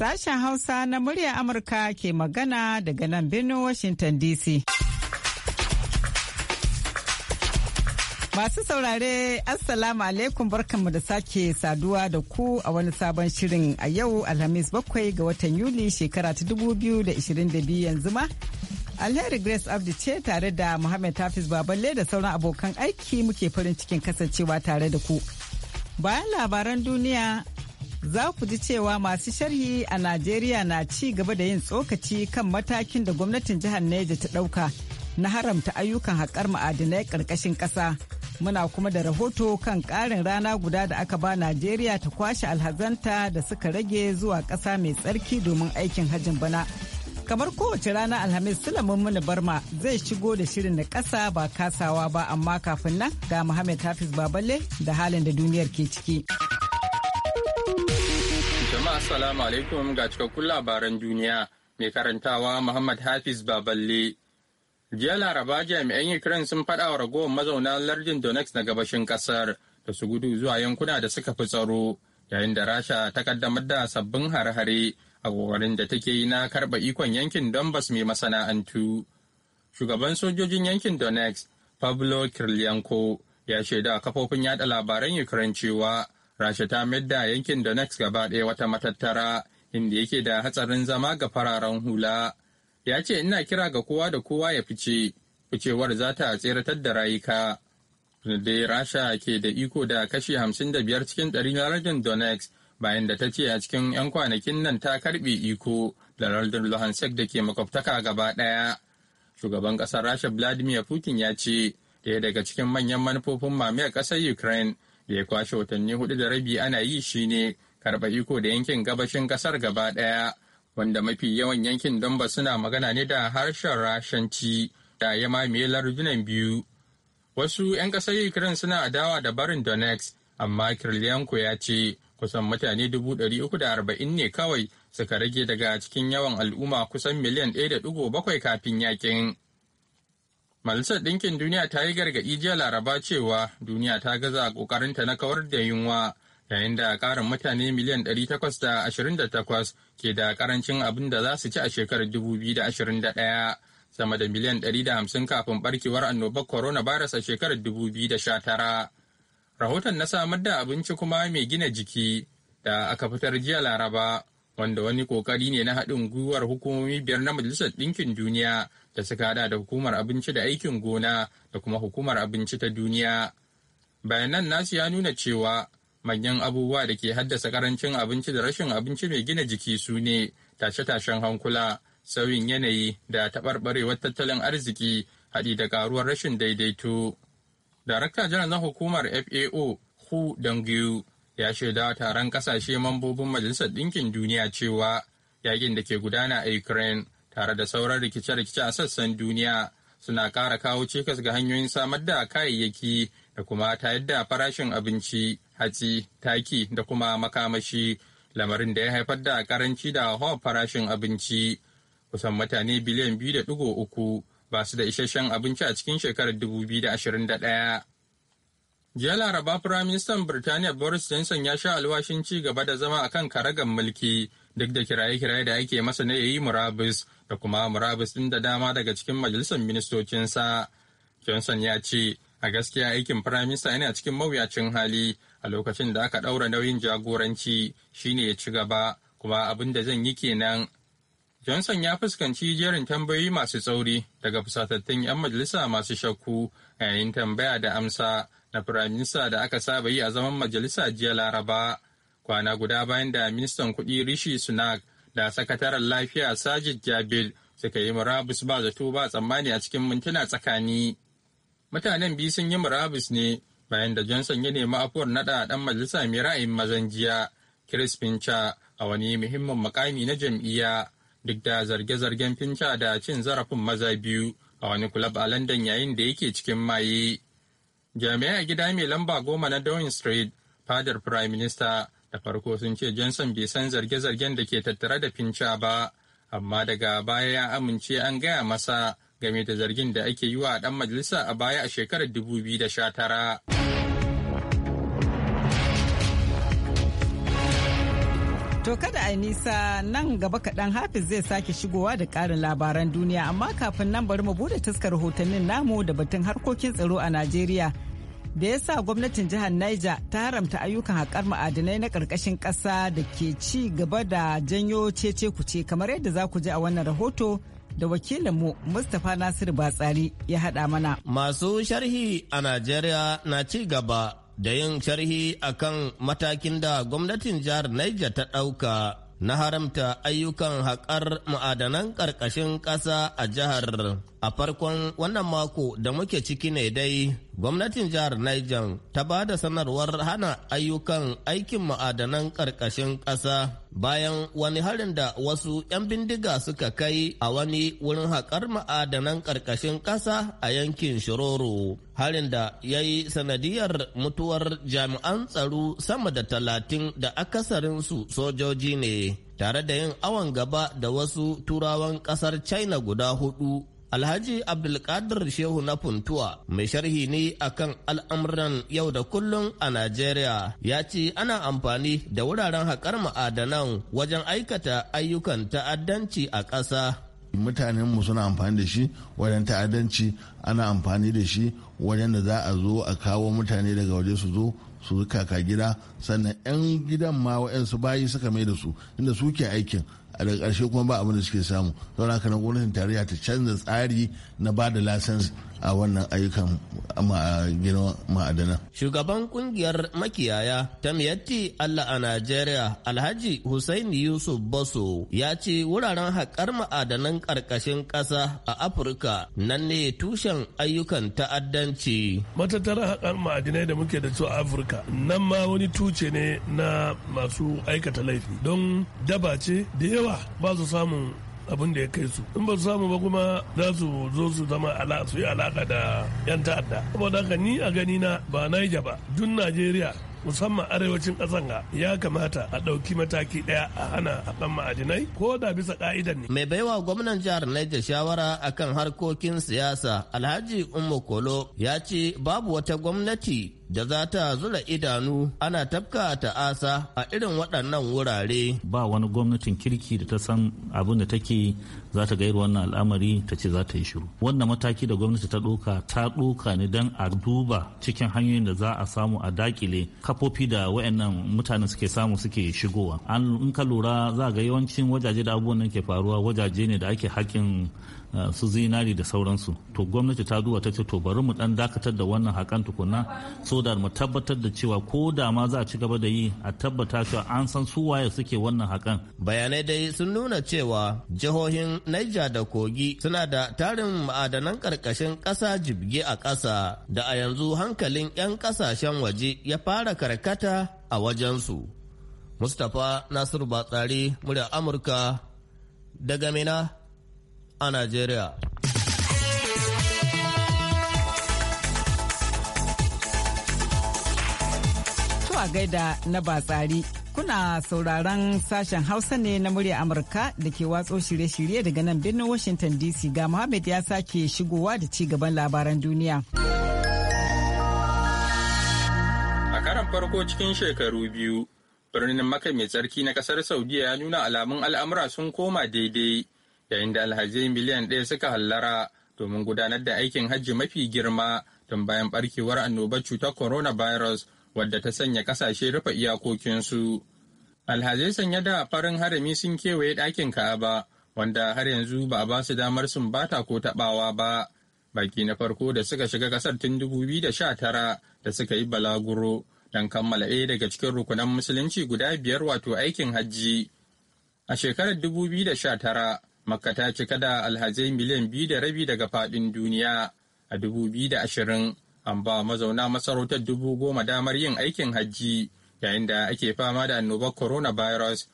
Sashen Hausa na murya Amurka ke magana daga nan birnin Washington DC. Masu saurare, Assalamu alaikum barkanmu da sake saduwa da ku a wani sabon shirin a yau Alhamis bakwai ga watan Yuli shekara ta 2022 yanzu ma. Alheri Grace Abdi ce tare da Muhammad Hafiz Baballe da sauran abokan aiki muke farin cikin kasancewa tare da ku. Bayan labaran duniya za ku ji cewa masu sharhi a Najeriya na ci gaba da yin tsokaci kan matakin da gwamnatin jihar Neja ta ɗauka na haramta ayyukan haƙar ma'adinai ƙarƙashin ƙasa. Muna kuma da rahoto kan ƙarin rana guda da aka ba Najeriya ta kwashe alhazanta da suka rage zuwa ƙasa mai tsarki domin aikin hajjin bana. Kamar kowace rana Alhamis Sulaiman Muni Barma zai shigo da shirin da ƙasa ba kasawa ba amma kafin nan ga Muhammad Hafiz Baballe da halin da duniyar ke ciki. Jama'a assalamu alaikum ga cikakkun labaran duniya mai karantawa Muhammad Hafiz Baballe. Jiya Laraba jami'an Ukraine sun faɗa wa ragowar mazauna lardin Donetsk na gabashin ƙasar da su gudu zuwa yankuna da suka fi tsaro yayin da Rasha ta kaddamar da sabbin hare-hare a kokarin da take yi na karɓa ikon yankin Donbas mai masana'antu. Shugaban sojojin yankin Donetsk Pablo Kirlianko ya shaida kafofin yaɗa labaran Ukraine cewa rasha ta da yankin donetsk gaba ɗaya wata matattara inda yake da hatsarin zama ga fararen hula ya ce ina kira ga kowa da kowa ya fice ficewar za ta tseratar da rayuka dai rasha ke da iko da kashi hamsin da biyar cikin ɗari na lardin donetsk bayan da ta ce a cikin 'yan kwanakin nan ta karbe iko da lardin luhansk da ke makwabtaka gaba ɗaya shugaban ƙasar rasha vladimir putin ya ce daya daga cikin manyan manufofin mamiyar ƙasar ukraine da ya kwashe watanni hudu da rabi ana yi shine karba iko da yankin gabashin kasar gaba daya wanda mafi yawan yankin donba suna magana ne da harshen rashanci da ya mamaye lardunan biyu wasu 'yan kasar ukraine suna adawa da barin donetsk amma kirilenko ya ce kusan mutane 340 ne kawai suka rage daga cikin yawan al'umma kusan miliyan 1.7 kafin yakin. Majalisar Ɗinkin Duniya ta yi gargaɗi jiya Laraba cewa duniya ta gaza ƙoƙarinta na kawar da yunwa yayin da ƙarin mutane miliyan 828 ke da ƙarancin abin da za su ci a shekarar 2021 sama da miliyan 150 kafin ɓarkewar annobar coronavirus a shekarar 2019. Rahoton na samar da abinci kuma mai gina jiki da aka fitar jiya Laraba wanda wani kokari ne na haɗin gwiwar hukumomi biyar na Majalisar Ɗinkin Duniya da suka hada da Hukumar Abinci da Aikin Gona da kuma Hukumar Abinci ta Duniya. Bayanan nasu ya nuna cewa manyan abubuwa da ke haddasa karancin abinci da rashin abinci mai gina jiki su ne tashe-tashen hankula, sauyin yanayi da taɓarɓarewar tattalin arziki haɗi da ƙaruwar rashin daidaito. Darakta janar na hukumar FAO Hu Dongyu ya shaida taron kasashe mambobin Majalisar Ɗinkin Duniya cewa yakin da ke gudana a Ukraine tare da sauran rikice-rikice a sassan duniya suna ƙara kawo cikas ga hanyoyin samar da kayayyaki da kuma tayar da farashin abinci, hatsi, taki da kuma makamashi, lamarin da ya haifar da karanci da hawa farashin abinci. Kusan mutane biliyan biyu da uku ba su da isasshen abinci a cikin shekarar 2021. Jiya Laraba Firaministan Birtaniya Boris Johnson ya sha alwashin ci gaba da zama akan karagan mulki duk da kiraye-kiraye da ake masa na yayi murabus da kuma murabus ɗin da dama daga cikin majalisar ministocinsa. Johnson ya ce, a gaskiya aikin Firaminista yana cikin mawuyacin hali a lokacin da aka ɗaura nauyin jagoranci shine ya ci gaba kuma abin da zan yi kenan. Johnson ya fuskanci jerin tambayoyi masu tsauri daga fusatattun 'yan majalisa masu shakku yayin tambaya da amsa na firaminista da aka saba yi a zaman majalisa jiya laraba kwana guda bayan da ministan kuɗi rishi sunak da sakataren lafiya sajid jabil suka yi murabus ba zato ba tsammani a cikin mintuna tsakani mutanen biyu sun yi murabus ne bayan da johnson ya nemi afuwar naɗa ɗan majalisa mai ra'ayin mazan jiya chris pincha a wani muhimmin mukami na jam'iyya duk da zarge-zargen pincha da cin zarafin maza biyu a wani kulab a london yayin da yake cikin maye jami'ai a gida mai lamba goma na downing street fadar prime minister da farko sun ce johnson bai san zarge-zargen da ke tattare da finca ba amma daga baya ya amince an gaya masa game da zargin da ake yi wa dan majalisa a baya a shekarar 2019. To kada a nisa nan gaba kaɗan Hafiz zai sake shigowa da ƙarin labaran duniya amma kafin nan bari mu bude taskar hotannin namu da batun harkokin tsaro a Najeriya. Da ya sa gwamnatin jihar Niger ta haramta ayyukan haƙar ma'adinai na ƙarƙashin ƙasa da ke ci gaba da janyo cece kuce kamar yadda za ku ji a wannan rahoto da wakilinmu Mustapha Nasiru Batsari ya haɗa mana. Masu sharhi a Najeriya na ci gaba da yin sharhi akan matakin da gwamnatin jihar Niger ta ɗauka na haramta ayyukan haƙar ma'adanan ƙarƙashin ƙasa a jihar a farkon wannan mako da muke ciki ne dai gwamnatin jihar Niger ta ba da sanarwar hana ayyukan aikin ma'adanan ƙarƙashin ƙasa bayan wani harin da wasu 'yan bindiga suka kai a wani wurin haƙar ma'adanan ƙarƙashin ƙasa a yankin Shiroro. Harin da ya yi sanadiyar mutuwar jami'an tsaro sama da talatin da akasarinsu sojoji ne. tare da yin awon gaba da wasu turawan ƙasar china guda hudu Alhaji Abdulkadir Shehu na Funtuwa mai sharhi ne akan al'amuran yau da kullum a Najeriya ya ce ana amfani da wuraren haƙar ma'adanan wajen aikata ayyukan ta'addanci a ƙasa. mutanenmu suna amfani da shi wajen ta'addanci ana amfani da shi wajen da za a zo a kawo mutane daga waje su zo su kaka gida sannan 'yan gidan ma wa'yansu bayi suka mai da su inda suke aikin a daga ƙarshe kuma ba abin da suke samu don haka na gwamnatin tarayya ta canza tsari na ba da lasens a wannan ayyukan gina ma'adana. Shugaban kungiyar makiyaya ta miyatti Allah a Najeriya Alhaji Hussaini Yusuf Basu ya ce wuraren haƙar ma'adanan ƙarƙashin ƙasa a Afirka nan ne tushen ayyukan ta'addanci. Matattara haƙar ma'adinai da muke da su a Afirka nan ma wani tuce ne na masu aikata laifi don daba ce da yawa ba su samun abin da ya kai su in ba su samu ba kuma za su zo su zama su yi alaka da yan ta'adda saboda haka ni a gani na ba naija ba dun najeriya musamman arewacin ƙasar ga ya kamata a ɗauki mataki ɗaya a hana haɗan ma'adinai ko da bisa ƙa'idan ne. Mai baiwa gwamnan jihar Niger shawara akan harkokin siyasa Alhaji umu Kolo ya ce babu wata gwamnati da za ta zura idanu ana tafka asa a irin waɗannan wurare. Ba wani gwamnatin kirki da ta san abin da take za ta gairu wannan al'amari ta ce za ta yi shiru. Wannan mataki da gwamnati ta ɗoka ta ɗoka ne don a duba cikin hanyoyin da za a samu a dakile kafofi da waɗannan mutane suke samu suke shigowa. An ka lura za ga yawancin wajaje da abubuwan nan ke faruwa wajaje ne da ake hakin Eh, su zinari da sauransu to gwamnati ta duba ta ce to bari mu dan dakatar da wannan hakan tukunna so da mu tabbatar da cewa ko da ma za a ci gaba da yi a tabbata cewa an san su waye suke wannan hakan bayanai dai sun nuna cewa jihohin Niger da Kogi suna da tarin ma'adanan karkashin ƙasa jibge a ƙasa da a yanzu hankalin 'yan ƙasashen waje ya fara karkata a wajensu Mustapha Nasiru Batsari murya Amurka daga Mina a Najeriya. Tuwa gaida na batsari kuna sauraron sashen Hausa ne na murya Amurka da ke watso shirye-shirye daga nan birnin Washington DC ga Muhammad ya sake shigowa da ci gaban labaran duniya. A karan farko cikin shekaru biyu, birnin maka mai tsarki na kasar Saudiya ya nuna alamun al'amura sun koma daidai. yayin da alhazai miliyan ɗaya suka hallara domin gudanar da aikin hajji mafi girma tun bayan barkewar annobar cutar coronavirus wadda ta sanya ƙasashe rufe iyakokinsu. Alhazai sanya da farin harami sun kewaye ɗakin Ka'aba wanda har yanzu ba a basu damar sun bata ko taɓawa ba. Baki na farko da suka shiga ƙasar tun 2019 da suka yi balaguro don kammala ɗaya daga cikin rukunan musulunci guda biyar wato aikin hajji. A shekarar dubu biyu da sha tara. Makka ta cika da alhazai miliyan biyu da rabi daga faɗin duniya a dubu biyu da ashirin an ba mazauna masarautar dubu goma damar yin aikin hajji yayin da ake fama da annobar coronavirus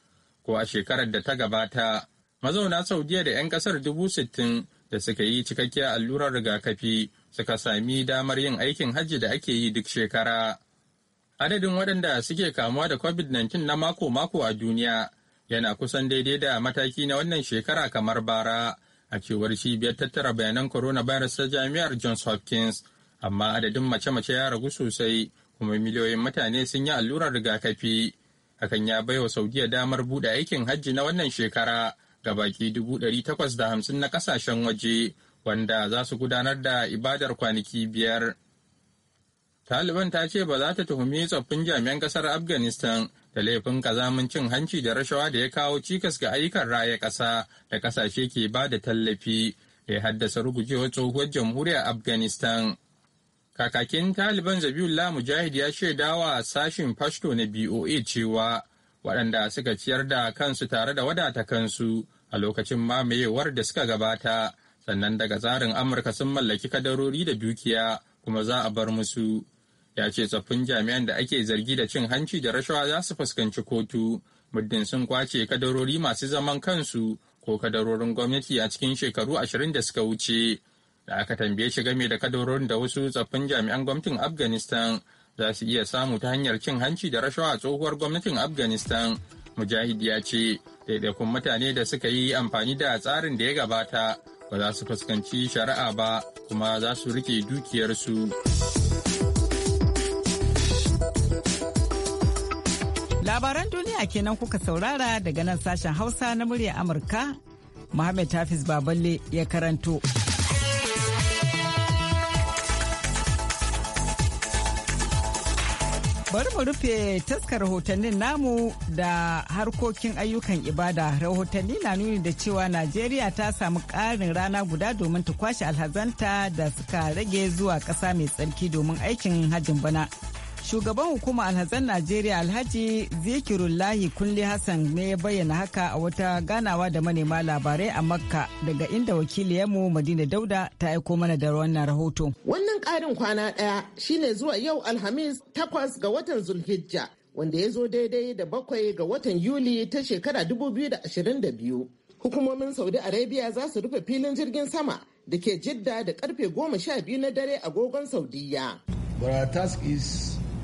ko a shekarar da ta gabata mazauna saudiya da 'yan kasar dubu sittin da suka yi cikakkiyar allurar rigakafi suka sami damar yin aikin hajji da ake yi duk shekara adadin waɗanda suke kamuwa da covid-19 na mako-mako a duniya yana kusan daidai da mataki na wannan shekara kamar bara a cewar cibiyar tattara bayanan coronavirus ta jami'ar Johns Hopkins amma adadin mace-mace ya ragu sosai kuma miliyoyin mutane sun yi allurar rigakafi hakan ya baiwa Saudiya damar buɗe aikin hajji na wannan shekara ga baki dubu takwas da hamsin na kasashen waje wanda za su gudanar da ibadar kwanaki biyar. Taliban ta ce ba za ta tuhumi tsoffin jami'an ƙasar Afghanistan da laifin kazamin cin hanci da rashawa da ya kawo cikas ga ayyukan raya ƙasa da ƙasashe ke ba da tallafi da ya haddasa rugujewar tsohuwar jamhuriyar afghanistan kakakin taliban zabiullah mujahid ya shaida wa sashin fashto na boa cewa waɗanda suka ciyar da kansu tare da wadata kansu a lokacin mamayewar da suka gabata sannan daga tsarin amurka sun mallaki kadarori da dukiya kuma za a bar musu ya ce tsoffin jami'an da ake zargi da cin hanci da rashawa za su fuskanci kotu muddin sun kwace kadarori masu zaman kansu ko kadarorin gwamnati a cikin shekaru ashirin da suka wuce da aka tambaye shi game da kadarorin da wasu tsoffin jami'an gwamnatin afghanistan za su iya samu ta hanyar cin hanci da rashawa a tsohuwar gwamnatin afghanistan mujahid ya ce daidaikun mutane da suka yi amfani da tsarin da ya gabata ba za su fuskanci shari'a ba kuma za su rike dukiyarsu. Labaran duniya kenan kuka saurara daga nan sashen Hausa na murya Amurka, Muhammad Hafiz Baballe ya karanto. bari mu rufe taskar rahotannin namu da harkokin ayyukan ibada rahotanni na nuni da cewa najeriya ta samu ƙarin rana guda domin ta kwashe alhazanta da suka rage zuwa ƙasa mai tsarki domin aikin hajjin bana shugaban hukumar alhazan najeriya alhaji zikirullahi kunle hassan ne ya bayyana haka a wata ganawa da manema labarai a makka daga inda wakiliyarmu madina dauda ta aiko mana da wannan rahoto wannan karin kwana daya shine zuwa yau alhamis takwas ga watan zulhijja wanda ya zo daidai da bakwai ga watan yuli ta shekara da biyu hukumomin saudi arabia za su rufe filin jirgin sama da ke jidda da karfe goma sha biyu na dare agogon saudiya But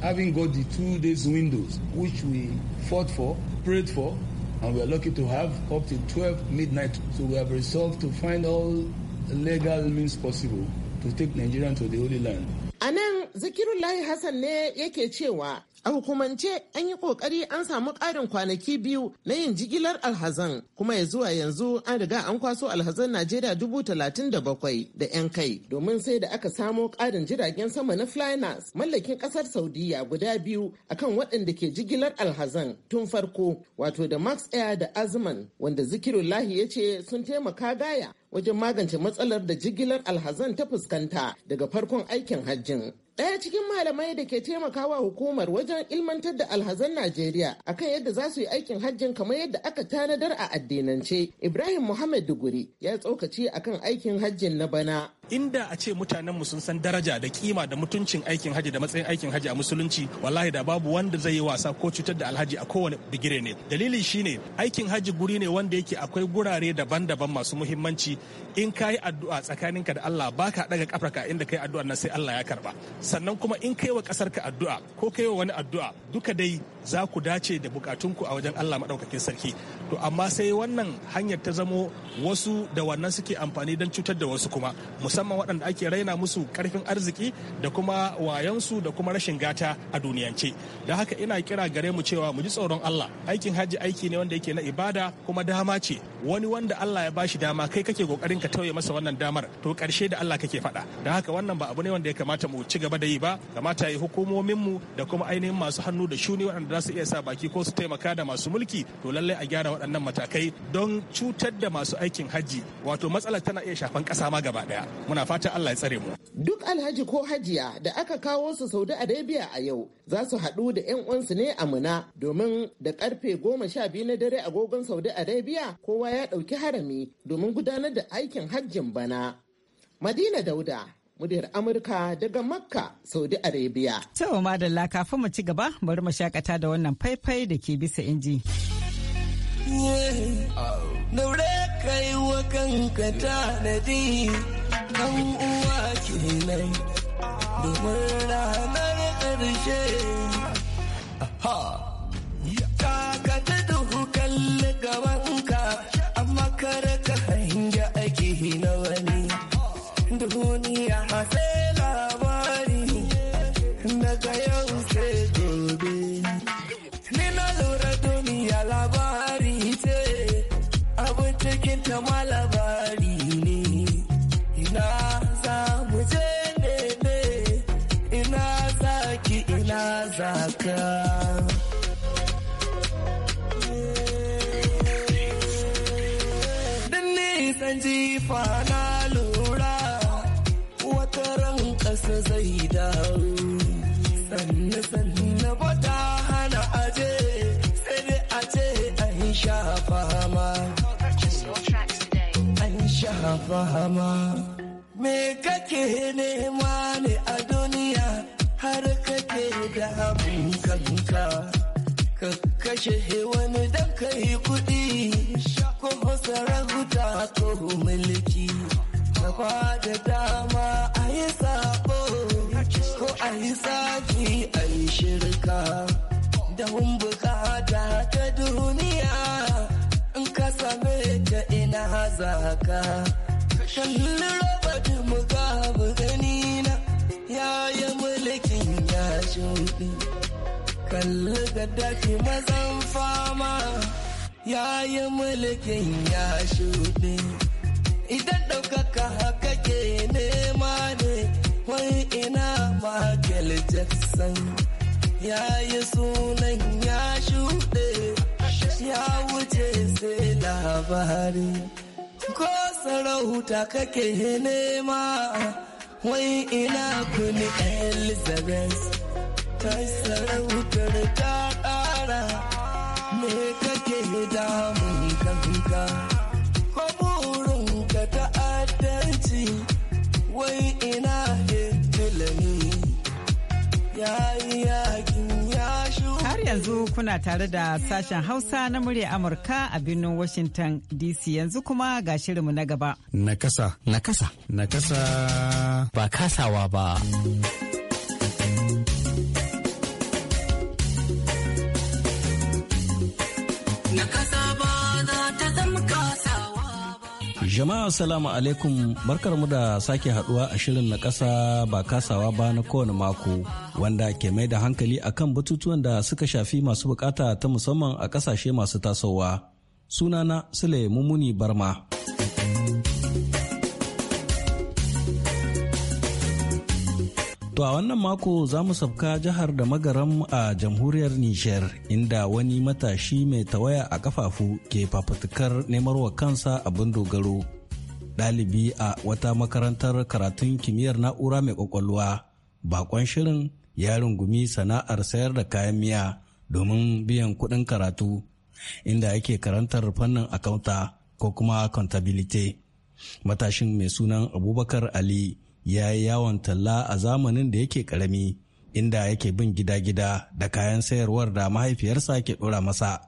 having got the two days windows, which we fought for, prayed for, and we are lucky to have up to 12 midnight. So we have resolved to find all legal means possible to take Nigeria to the Holy Land. A nan Zikirullahi Hassan ne yake cewa A hukumance an yi kokari an samu ƙarin kwanaki biyu na yin jigilar alhazan kuma ya zuwa yanzu an riga an kwaso alhazan Najeriya dubu talatin da bakwai da 'yan kai domin sai da aka samo ƙarin jiragen sama na Flynas mallakin ƙasar Saudiya guda biyu akan waɗanda ke jigilar alhazan tun farko wato da Max Air da Azman wanda Zikirullahi ya ce sun taimaka gaya wajen magance matsalar da jigilar alhazan ta fuskanta daga farkon aikin hajjin. daya cikin malamai da ke taimakawa hukumar wajen ilmantar da alhazan Najeriya akan yadda za su yi aikin hajjin kamar yadda aka tanadar a addinance. Ibrahim Muhammad Duguri ya tsokaci akan aikin hajjin na bana. inda a ce mutanen mu sun san daraja da kima da mutuncin aikin haji da matsayin aikin haji a musulunci wallahi da babu wanda zai yi wasa ko cutar da alhaji a kowane digire ne dalili shine aikin haji guri ne wanda yake akwai gurare daban-daban masu muhimmanci in ka yi addu'a tsakaninka da Allah baka daga kafarka inda kai addu'a nan sai Allah ya karba sannan kuma in kai wa kasarka addu'a ko kai wa wani addu'a duka dai za ku dace da bukatunku a wajen Allah maɗaukakin sarki to amma sai wannan hanyar ta zamo wasu da wannan suke amfani don cutar da wasu kuma musamman waɗanda ake raina musu karfin arziki da kuma wayansu da kuma rashin gata a duniyance da haka ina kira gare mu cewa mu ji tsoron Allah aikin hajji aiki ne wanda yake na ibada kuma dama ce wani wanda Allah ya bashi dama kai kake kokarin ka tauye masa wannan damar to karshe da Allah kake faɗa da haka wannan ba abu ne wanda ya kamata mu ci gaba da yi ba kamata yi hukumominmu da kuma ainihin masu hannu da shuni waɗanda za su iya sa baki ko su taimaka da masu mulki to lallai a gyara waɗannan matakai don cutar da masu aikin hajji wato matsalar tana iya shafan ƙasa ma gaba ɗaya muna fata Allah ya tsare mu duk alhaji ko hajiya da aka kawo su Saudi Arabia a yau za su haɗu da 'yan uwansu ne a Muna domin da karfe goma sha biyu na dare agogon Saudi Arabia kowa ya ɗauki harami domin gudanar da aikin hajjin bana. Madina Dauda muryar Amurka daga Makka, Saudi Arabia. Cewa madalla kafin mu ci gaba bari mu shakata da wannan faifai da ke bisa inji. Daure kai wa kanka tanadi, ɗan uwa kenan, domin ranar ƙarshe. Taka ta duhu kalli gabanka, amma kar ka hanya ake na wani. duniya a labari daga yau sai gobe ni na lura duniya labari ce abin cikin ta ma labari ne ina za mu je ne ina za ki ina za ka fun. fahama me kake nema ne a duniya har kake da kanka ka kashe wani da kai kudi kuma sarauta ko mulki ka da dama a yi sabo ko a yi saki a yi shirka da hun bukata ta duniya in ka same ta ina zaka ka gani na. mulkin kalli ga dafi mazan fama ya yi mulkin ya shuɗe idan ɗaukaka haka ke nema ne wai ina Michael Jackson ya yi sunan ya shuɗe ya wuce sai labari ko sarauta kake nema wai ina kuni elizabeth ta sarautar ta ƙara me ka yanzu kuna tare da sashen Hausa na murya Amurka a birnin Washington DC yanzu kuma ga shirinmu na gaba. Nakasa. Nakasa. Nakasa. Ba kasawa ba. Jama'a salamu alaikum barkarmu da sake haduwa a shirin na kasa ba kasawa ba na kowane mako wanda ke mai da hankali akan batutuwan da suka shafi masu bukata ta musamman a kasashe masu tasowa. Sunana Sule Mumuni Barma. To a wannan mako za mu sabka jihar da magaram a jamhuriyar Nijar inda wani matashi mai tawaya a kafafu ke fafutukar neman wa kansa abin dogaro. Ɗalibi a wata makarantar karatun kimiyyar na'ura mai kwakwalwa, bakon shirin ya rungumi sana'ar sayar da kayan miya domin biyan kuɗin karatu inda yake karantar fannin akauta ko kuma accountability. Matashin mai sunan Abubakar Ali ya yi yawon talla a zamanin da yake karami inda yake bin gida-gida da kayan sayarwar da mahaifiyarsa ke ɗora masa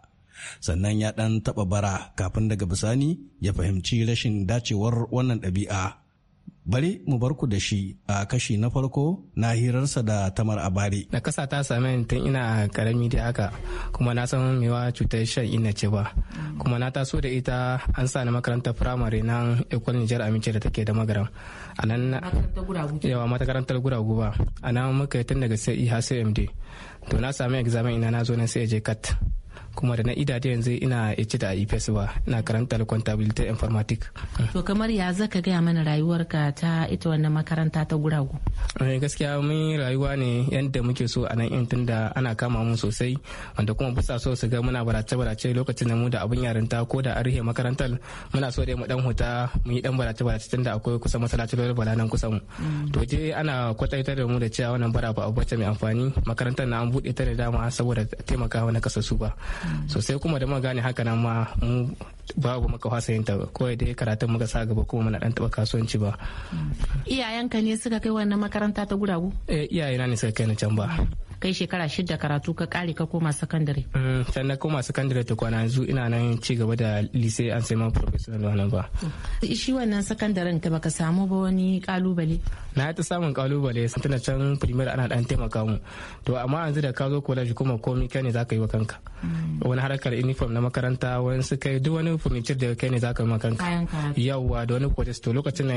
sannan ya ɗan taɓa bara kafin daga bisani ya fahimci rashin dacewar wannan ɗabi'a bari mu bar ku da shi a kashi na farko na hirarsa da tamar abari da kasa ta sami tun ina karami da haka kuma na san mewa cutar shan ina ce ba kuma na taso da ita an sa ni makarantar firamare na ekol nijar amince da take da magaram a nan yawa matakarantar guragu ba a nan muka yi tun daga sai e har sai md to na sami examen ina na zo na sai e je kat kuma da na idade yanzu ina ice da IPS ba ina karantar contability informatic to kamar ya zaka gaya mana rayuwarka ta ita wannan makaranta ta guragu eh, gaskiya mun rayuwa ne yadda muke so a nan in tunda ana kama mu sosai wanda kuma bisa so su ga muna barace barace lokacin da mu da abin yarinta ko da an rufe makarantar muna so dai mu dan huta mu yi dan barace barace tunda akwai kusa masallaci da bala nan kusa mu mm. to je ana kwataitar da mu da cewa wannan bara ba abu mai amfani makarantar na an buɗe ta da dama saboda taimakawa na kasasu ba so sai kuma da gane haka nan ma mu babu maka wasa yin ta da dai karatun muka sa gaba kuma muna dan taba kasuwanci ba iyayenka ne suka kai wannan makaranta ta guragu eh iyayena na ne suka kai ni can ba kai shekara shida karatu ka kare ka koma sakandare. can eh, na koma sakandare ta kwana yanzu ina nan ci gaba da lise an sai ma professional wannan ba. shi wannan sakandaren ka baka samu ba wani kalubale. na ta samun kalubale tana can primar ana dan taimaka mu to amma yanzu da ka zo college kuma komi kai ne za ka yi wa kanka. Mm. wani harkar uniform na makaranta wani su kai duk wani furniture da kai ne za ka yi wa kanka. yawwa da wani kwatis to lokacin na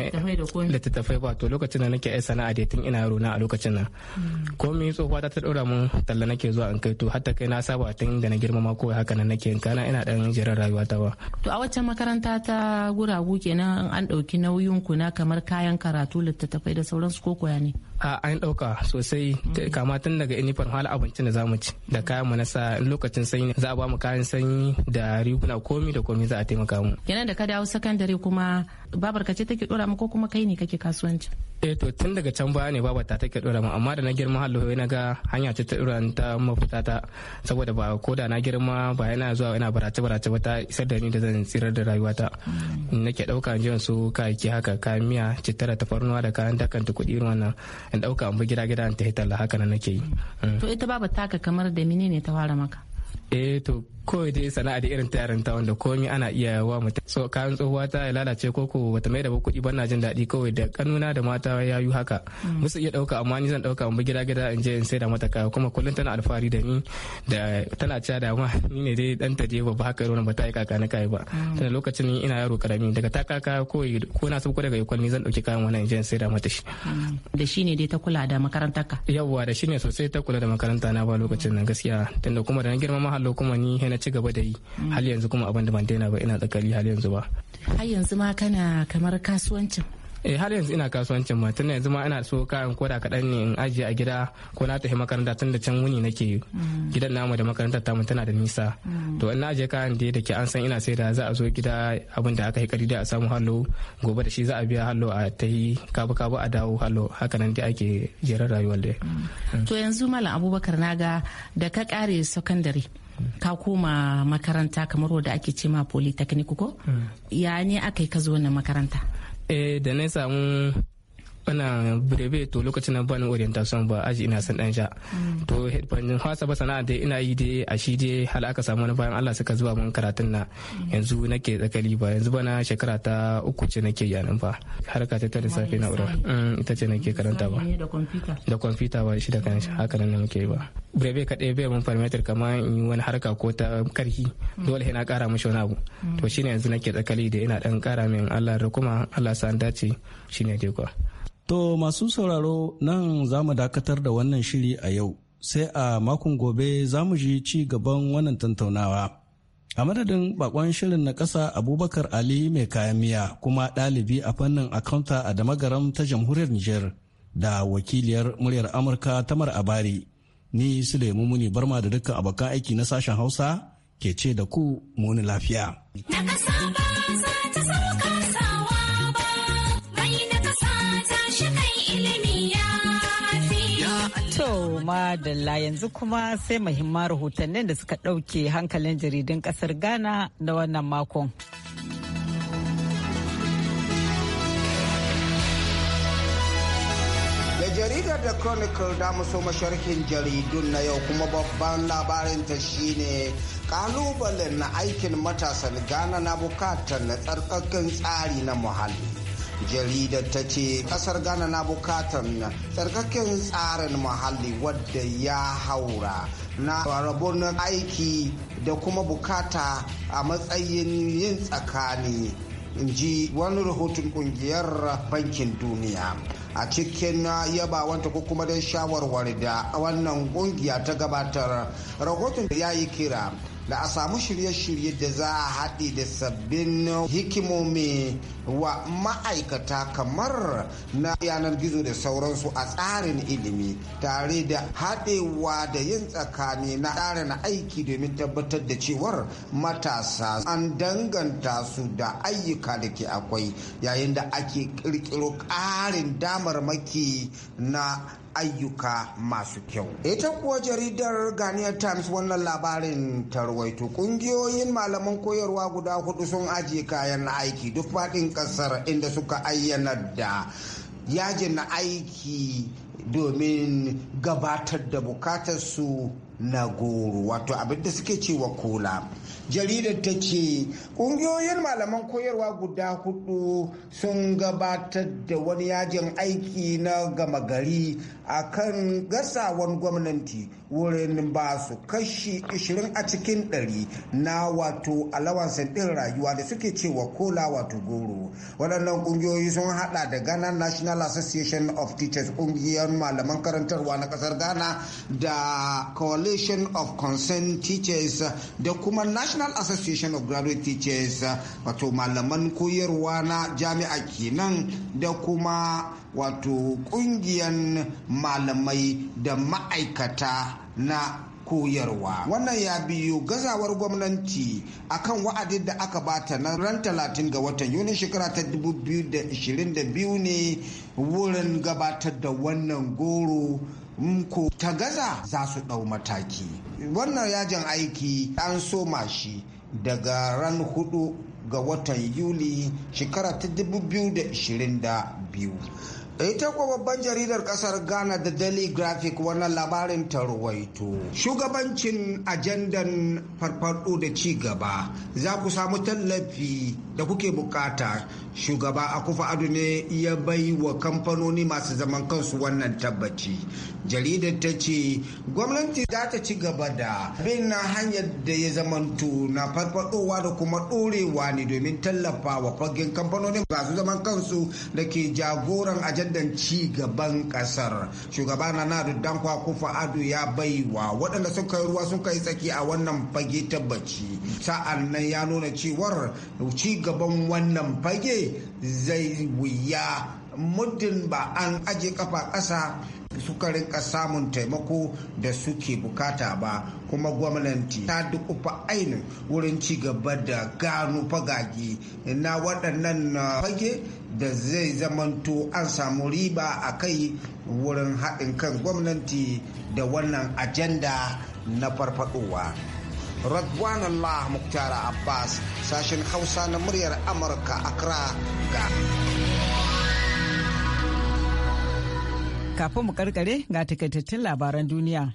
littattafai ba to lokacin na nake ai sana'a da tun ina yaro na a lokacin na. Mm. komi tsohuwa ta ta tura mun talla nake zuwa in kai to hatta kai na saba tun da na girmama ko haka nan nake in kana ina dan jiran rayuwa ta ba to a wacce makaranta ta guragu kenan an ɗauki nauyin ku na kamar kayan karatu littattafai da sauransu ko koya ne a an ɗauka sosai kama tun daga inifar hal abincin da zamu ci da kayan mu na sa lokacin sanyi za a ba mu kayan sanyi da riguna komi da komi za a taimaka mu yana da ka dawo sakandare kuma babar ka ce take dora mu ko kuma kai ne kake kasuwanci eh to tun daga can baya ne babar ta take dora mu amma da na girma hallo na ga hanya ce ta dora ta mafita ta saboda ba ko da na girma ba yana zuwa yana barace barace ba ta isar da ni da zan tsirar da rayuwata mm. nake dauka jiyan su kayaki haka kayan miya citta da tafarnuwa da kayan dakan ta kuɗi wannan in ɗauka in bi gida gida in ta da haka na nake yi. to ita babu taka kamar da menene ta fara maka. eh to kawai dai sana'a da irin tayarin ta wanda komi ana iya wa mutum so kayan tsohuwa ta ya lalace ko ko wata mai da ba kuɗi na jin daɗi kawai da kanuna da mata ya yi haka mm. musu iya ɗauka amma ni zan ɗauka mu gida gida in je in sai da mata kaya kuma kullum tana alfahari da ni da tana cewa da ma ni ne dai ɗan ta je ba haka irin ba ta yi kaka na kai ba mm. tana lokacin ni ina yaro karami daga ta kaka ko ko na so ko daga ikon ni zan ɗauki kayan wannan in je in sai da mata shi. Mm. da shi ne dai ta kula da makarantar ka. yawwa da shi ne sosai ta kula da makaranta na ba lokacin nan gaskiya tunda kuma da na girma hallo kuma ni na ci gaba da yi mm. har yanzu kuma abin da ban daina ba ina tsakali har yanzu ba har yanzu ma kana kamar kasuwancin eh har yanzu ina kasuwancin ma tun yanzu ma ina so kayan koda kaɗan ne in ajiye a gida ko na tafi makaranta tun da can wuni nake mm. gidan namu da makarantar tamu tana da nisa mm. to in na ajiye kayan da da ke an san ina sai da za a zo gida abin da aka yi kari da a samu hallo gobe da shi za a biya hallo a ta yi kabu kabu a dawo hallo haka nan dai ake jerar rayuwar da to yanzu malam abubakar naga da ka kare sakandare ka koma makaranta kamar wadda ake ce ma polytechnic ko mm. ya ne aka yi ka zo wannan makaranta eh da na samu bana birebe to lokacin na bani orientation ba aji ina san dan sha mm. to ban hasa ba sana'a dai ina yi dai a shi dai hal aka samu wani bayan Allah suka zuba mun karatun na mm. yanzu nake tsakali ba yanzu bana shekara ta uku ce nake yanin ba harka ta tare safi na ura mm, ita ce nake karanta ba da kwamfuta ba shi da kanshi haka nan muke ba ka dai bai mun parameter kamar in yi wani harka ko ta karhi dole na kara mishi wani abu to shine yanzu nake tsakali da ina dan kara min Allah rukuma kuma Allah sa dace shine dai kuwa To masu sauraro nan za mu dakatar da wannan shiri a yau, sai a makon gobe za mu ji ci gaban wannan tantaunawa. A madadin bakon shirin na ƙasa Abubakar Ali mai kayan miya kuma ɗalibi a fannin akanta a damagaram ta jamhuriyar Nijar da wakiliyar muryar Amurka Tamar Abari. Ni Suleiman Muni Barma da dukkan abokan aiki na sashen Hausa ke ce da ku muni lafiya. Na da la yanzu kuma sai muhimman rahotannin da suka ɗauke hankalin jaridun ƙasar Ghana na wannan makon. Da jaridar da chronicle da muso masharhin jaridun na yau kuma babban labarinta shine kalubalen na aikin matasan ghana na bukatar na tsarkakan tsari na muhalli jaridar ta ce kasar ghana na bukatar tsarkaken tsarin muhalli wadda ya haura na rabon aiki da kuma bukata a matsayin yin tsakani in ji wani rahoton kungiyar bankin duniya a cikin yaba yabawanta ko kuma don shawarwari da wannan kungiya ta gabatar rahoton ya yi kira da a samu shirye-shirye da za a haɗe da sabbin hikimomi wa ma'aikata kamar na yanar gizo da sauransu a tsarin ilimi tare da haɗewa da yin tsakani na tsarin aiki domin tabbatar da cewar matasa an danganta su da ayyuka da ke akwai yayin da ake ƙirƙiro ƙarin damarmaki na ayyuka masu kyau ita kuwa jaridar ghanaian times wannan labarin ta tarwaito kungiyoyin malaman koyarwa guda hudu sun ajiye kayan aiki duk faɗin ƙasar inda suka ayyana da yajin aiki domin gabatar da su na goro wato abinda suke cewa kola jaridar ta ce ƙungiyoyin malaman koyarwa guda hudu sun gabatar da wani yajin aiki na gama gari a kan gasawan gwamnati wurin ba su kashi 20 a cikin 100 na wato alawansan ɗin rayuwa da suke cewa kola wato goro waɗannan ƙungiyoyi sun hada da ghana national association of teachers ƙungiyar malaman karantarwa na ƙasar ghana da coalition of concerned teachers da kuma national national association of graduate teachers wato malaman koyarwa na jami'a kenan da kuma wato kungiyan malamai da ma'aikata na koyarwa wannan ya biyo gazawar gwamnati akan wa'adin da aka bata na ran talatin ga watan yuni shekara ta 2022 ne wurin gabatar da wannan goro ko ta gaza za su ɗau mataki wannan yajin aiki an soma shi daga ran hudu ga watan yuli shekara ta 2022 da ita kuwa babban jaridar kasar ghana da daily graphic wannan labarin ta ruwaito shugabancin ajandan farfado da ci gaba za ku samu tallafi da kuke bukata shugaba akufa ado ne ya bai wa kamfanoni masu zaman kansu wannan tabbaci jaridar ta ce gwamnati za ta ci gaba da bin hanyar da ya zamanto na farfadowa da kuma ɗorewa ne domin tallafa wa fagen kamfanoni masu zaman kansu da ke jagoran ajandan ajandan ci gaban kasar shugaba na nadu dankwa kufa ado ya baiwa waɗanda sun kai ruwa sun kai tsaki a wannan fage tabbaci sa'an nan ya nuna cewar ci gaban wannan fage zai wuya muddin ba an aje kafa ƙasa suka rinka samun taimako da suke bukata ba kuma gwamnati ta dukufa ainihin wurin ci gaba da gano fagage na waɗannan fage da zai zamanto an samu riba a kai wurin haɗin kan gwamnati da wannan ajanda na farfadowa. Radwan Allah Muktara Abbas sashen Hausa na muryar Amurka Accra ga. Kafin mu karkare ga takaitattun labaran duniya.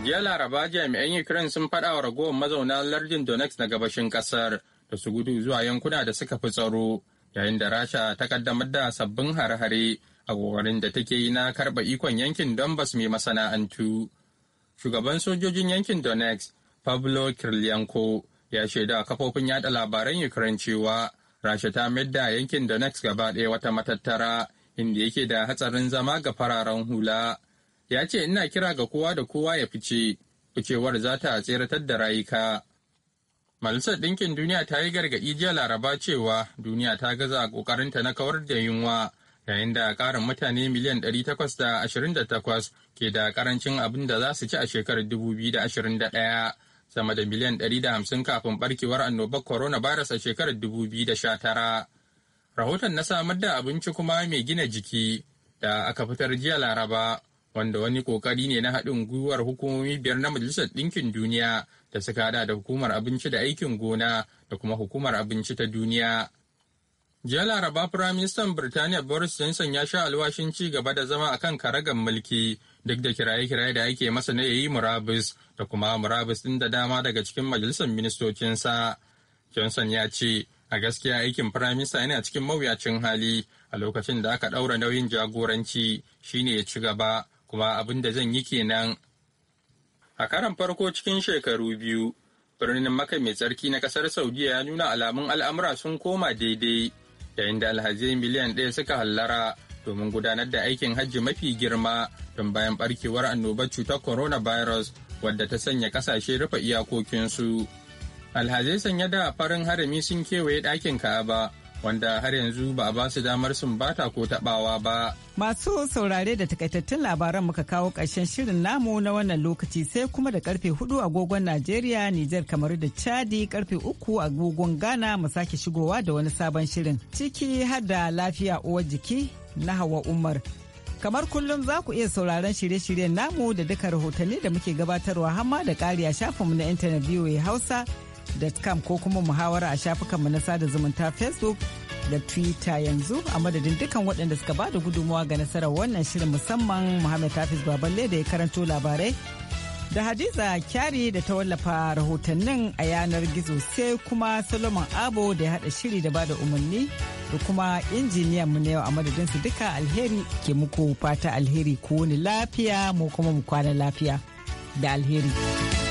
Jiya Laraba jami'an Ukraine sun faɗa wa ragowar mazauna lardin Donetsk na gabashin ƙasar da su gudu zuwa yankuna da suka fi tsaro yayin da Rasha ta kaddamar da sabbin hare-hare a kokarin da take yi na karɓa ikon yankin donbas mai masana'antu. Shugaban sojojin yankin Donetsk, Pablo ya shaida kafofin yada labaran Ukraine cewa rasha ta mayar da yankin donetsk gaba ɗaya wata matattara inda yake da hatsarin zama ga fararen hula ya ce ina kira ga kowa da kowa ya fice ficewar za ta tseratar da rayuka Majalisar Ɗinkin Duniya ta yi gargaɗi jiya Laraba cewa duniya ta gaza ƙoƙarinta na kawar da yunwa yayin da ƙarin mutane miliyan 828 ke da ƙarancin abin da za su ci a shekarar 2021 sama da miliyan 150 kafin barkewar annobar coronavirus a shekarar 2019. Rahoton na samar da abinci kuma mai gina jiki da aka fitar jiya Laraba, wanda wani kokari ne na haɗin gwiwar hukumomi biyar na Majalisar Ɗinkin Duniya da suka hada da Hukumar Abinci da Aikin Gona da kuma Hukumar Abinci ta Duniya. Jiya Laraba Firaministan Birtaniya Boris Johnson ya sha alwashin ci gaba da zama akan karagan mulki duk da kiraye-kiraye da ake masa na yi murabus da kuma murabus ɗin da dama daga cikin majalisar ministocinsa. Johnson ya ce, a gaskiya aikin firamista yana cikin mawuyacin hali a lokacin da aka ɗaura nauyin jagoranci shine ya ci gaba kuma abin da zan yi kenan. A karan farko cikin shekaru biyu, birnin maka mai tsarki na kasar Saudiya ya nuna alamun al'amura sun koma daidai, yayin da alhazai miliyan ɗaya suka hallara domin gudanar da aikin hajji mafi girma tun bayan barkewar annobar cutar coronavirus wadda ta sanya kasashe rufe iyakokinsu. Alhazai sanya da farin harami sun kewaye ɗakin Ka'aba wanda har yanzu ba a ba su damar sumbata ko taɓawa ba. Masu saurare da takaitattun labaran muka kawo ƙarshen shirin namu na wannan lokaci sai kuma da karfe hudu agogon Najeriya, Nijar kamar da Chadi karfe uku agogon Ghana mu sake shigowa da wani sabon shirin. Ciki har da lafiya uwar jiki na Hawa Umar. Kamar kullum za ku iya sauraron shirye-shiryen namu da duka rahotanni da muke gabatarwa hamma da ƙari a shafinmu na intanet VOA Hausa.com ko kuma muhawara a shafukanmu na sada zumunta Facebook da Twitter yanzu a madadin dukkan waɗanda suka ba da gudunmawa ga nasarar wannan shirin musamman Muhammad Hafiz Baballe da ya karanto labarai da Hadiza Kyari da ta wallafa rahotannin a yanar gizo sai kuma Solomon Abo da ya haɗa shiri da bada umarni da kuma injiniyan mu na yau a madadin su duka alheri ke muku fata alheri ko wani lafiya mu kuma mu kwana lafiya da alheri.